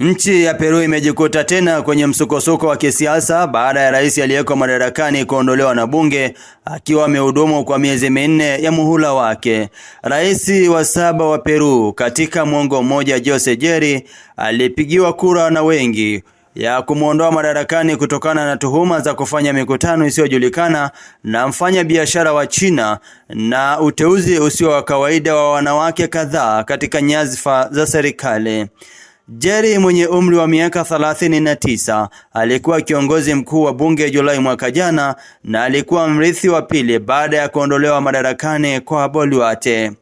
Nchi ya Peru imejikuta tena kwenye msukosuko wa kisiasa baada ya rais aliyeko madarakani kuondolewa na bunge akiwa amehudumu kwa miezi minne ya muhula wake. Rais wa saba wa Peru katika mwongo mmoja, Jose Jeri alipigiwa kura na wengi ya kumwondoa madarakani kutokana na tuhuma za kufanya mikutano isiyojulikana na mfanya biashara wa China na uteuzi usio wa kawaida wa wanawake kadhaa katika nyadhifa za serikali. Jerry mwenye umri wa miaka 39 alikuwa kiongozi mkuu wa bunge Julai mwaka jana na alikuwa mrithi wa pili baada ya kuondolewa madarakani kwa Boluarte.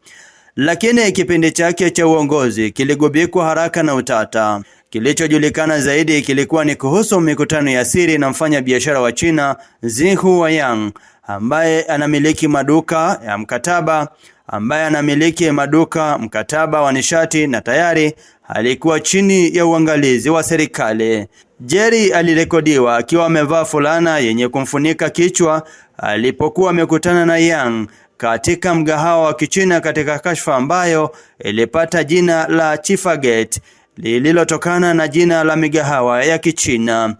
Lakini kipindi chake cha uongozi kiligubikwa haraka na utata. Kilichojulikana zaidi kilikuwa ni kuhusu mikutano ya siri na mfanya biashara wa China Zi Huayang ambaye anamiliki maduka ya mkataba ambaye anamiliki maduka mkataba wa nishati na tayari alikuwa chini ya uangalizi wa serikali. Jerry alirekodiwa akiwa amevaa fulana yenye kumfunika kichwa alipokuwa amekutana na Yang katika mgahawa wa Kichina katika kashfa ambayo ilipata jina la Chifa Gate lililotokana na jina la migahawa ya Kichina.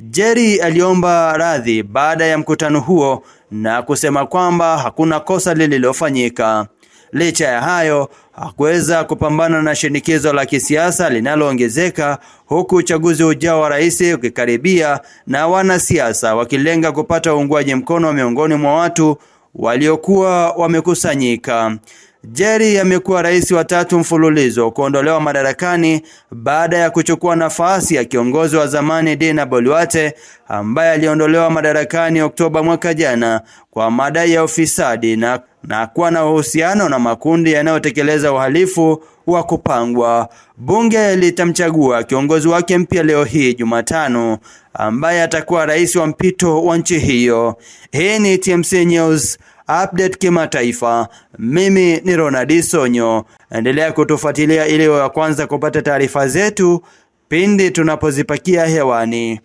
Jerry aliomba radhi baada ya mkutano huo na kusema kwamba hakuna kosa lililofanyika. Licha ya hayo, hakuweza kupambana na shinikizo la kisiasa linaloongezeka huku uchaguzi ujao wa rais ukikaribia na wanasiasa wakilenga kupata uungwaji mkono miongoni mwa watu waliokuwa wamekusanyika. Jerry amekuwa rais wa tatu mfululizo kuondolewa madarakani baada ya kuchukua nafasi ya kiongozi wa zamani Dina Boluarte ambaye aliondolewa madarakani Oktoba mwaka jana kwa madai ya ufisadi na, na kuwa na uhusiano na makundi yanayotekeleza uhalifu wa kupangwa. Bunge litamchagua kiongozi wake mpya leo hii Jumatano ambaye atakuwa rais wa mpito wa nchi hiyo. Hii ni TMC News update kimataifa. Mimi ni Ronald Sonyo, endelea kutufuatilia ili wa kwanza kupata taarifa zetu pindi tunapozipakia hewani.